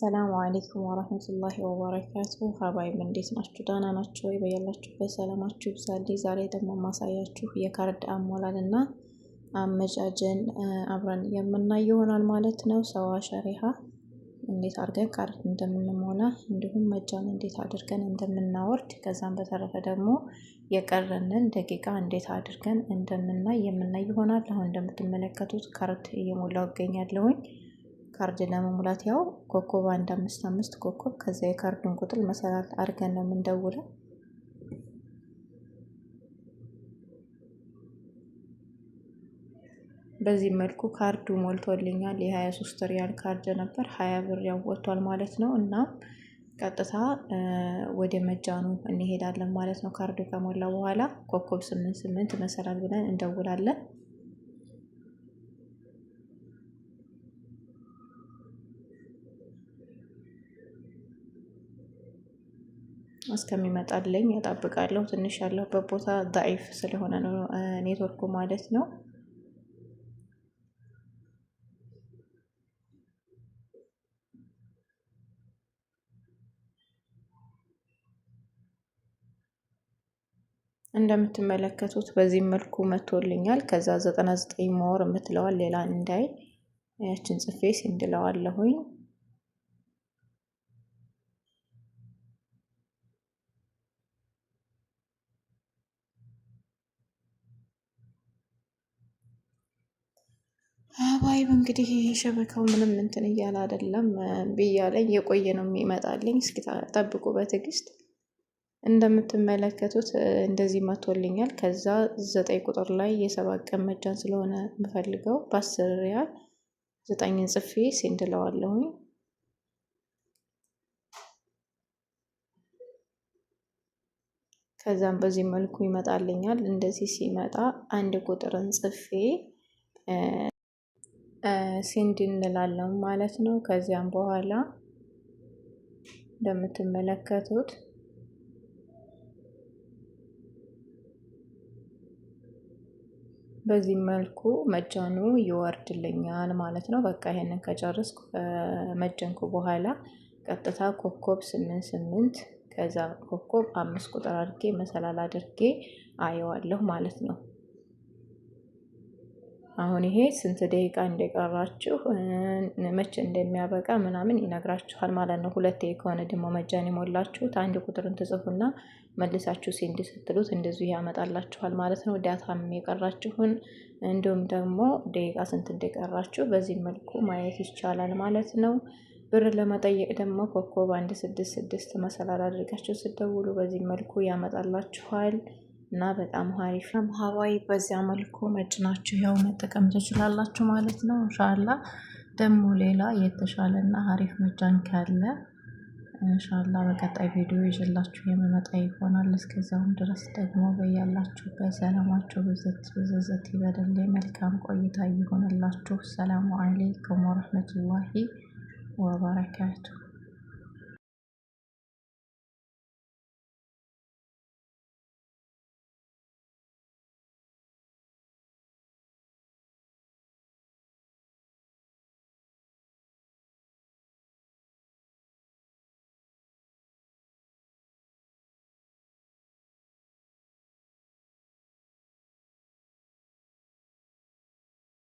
ሰላም አሌይኩም ወረህመቱላሂ ወበረካቱ። ሀባይብ እንዴት ናችሁ? ዳና ናቸው ወይ? በያላችሁበት ሰላማችሁ ይብዛል። ዛሬ ደግሞ ማሳያችሁ የካርድ አሞላል እና አመጃጀን አብረን የምናይ ይሆናል ማለት ነው። ሰዋ ሸሪሃ እንዴት አድርገን ካርድ እንደምንሞላ እንዲሁም መጃን እንዴት አድርገን እንደምናወርድ ከዛም በተረፈ ደግሞ የቀረንን ደቂቃ እንዴት አድርገን እንደምናይ የምናይ ይሆናል። አሁን እንደምትመለከቱት ካርድ እየሞላው እገኛለሁኝ። ካርድ ለመሙላት ያው ኮኮብ አንድ አምስት አምስት ኮኮብ ከዛ የካርዱን ቁጥር መሰላል አድርገን ነው የምንደውለው። በዚህ መልኩ ካርዱ ሞልቶልኛል የሀያ የ23 ሪያል ካርድ ነበር፣ ሀያ ብር ያወጥቷል ማለት ነው። እናም ቀጥታ ወደ መጃኑ እንሄዳለን ማለት ነው። ካርዱ ከሞላ በኋላ ኮኮብ ስምንት ስምንት መሰላል ብለን እንደውላለን። እስከሚመጣልኝ እጠብቃለሁ። ትንሽ ያለሁበት ቦታ ዳይፍ ስለሆነ ነው ኔትወርኩ ማለት ነው። እንደምትመለከቱት በዚህ መልኩ መቶልኛል። ከዛ ዘጠና ዘጠኝ ሞር የምትለዋል ሌላ እንዳይ ያችን ጽፌ ሲንድለዋለሁኝ ሀባይብ እንግዲህ ሸበካው ምንም እንትን እያለ አይደለም ብያለኝ። የቆየ ነው የሚመጣልኝ። እስኪ ጠብቁ በትዕግስት። እንደምትመለከቱት እንደዚህ መቶልኛል። ከዛ ዘጠኝ ቁጥር ላይ የሰባት ቀን መጃን ስለሆነ የምፈልገው በአስር ሪያል ዘጠኝን ጽፌ ሴንድለዋለሁኝ። ከዛም በዚህ መልኩ ይመጣልኛል። እንደዚህ ሲመጣ አንድ ቁጥርን ጽፌ ሲንድ እንላለን ማለት ነው። ከዚያም በኋላ እንደምትመለከቱት በዚህ መልኩ መጃኑ ይወርድልኛል ማለት ነው። በቃ ይሄንን ከጨረስኩ መጀንኩ በኋላ ቀጥታ ኮኮብ ስምንት ስምንት ከዛ ኮኮብ አምስት ቁጥር አድርጌ መሰላል አድርጌ አየዋለሁ ማለት ነው። አሁን ይሄ ስንት ደቂቃ እንደቀራችሁ መቼ እንደሚያበቃ ምናምን ይነግራችኋል ማለት ነው። ሁለቴ ከሆነ ደግሞ መጃን የሞላችሁት አንድ ቁጥርን ትጽፉና መልሳችሁ ሴንድ ስትሉት እንደዚሁ ያመጣላችኋል ማለት ነው። ዳታም የቀራችሁን እንዲሁም ደግሞ ደቂቃ ስንት እንደቀራችሁ በዚህ መልኩ ማየት ይቻላል ማለት ነው። ብር ለመጠየቅ ደግሞ ኮከብ አንድ ስድስት ስድስት መሰላል አድርጋችሁ ስደውሉ በዚህ መልኩ ያመጣላችኋል። እና በጣም ሀሪፍ ነው። ሀዋይ በዚያ መልኩ መጭናችሁ ያው መጠቀም ትችላላችሁ ማለት ነው። እንሻላ ደግሞ ሌላ የተሻለ እና ሀሪፍ መጫን ካለ እንሻላ በቀጣይ ቪዲዮ ይዤላችሁ የምመጣ ይሆናል። እስከዚያውም ድረስ ደግሞ በያላችሁ ሰላማችሁ ብዘት ብዘዘት ይበደል። መልካም ቆይታ ይሆንላችሁ። ሰላሙ አሌይኩም ወረህመቱላሂ ወበረካቱሁ።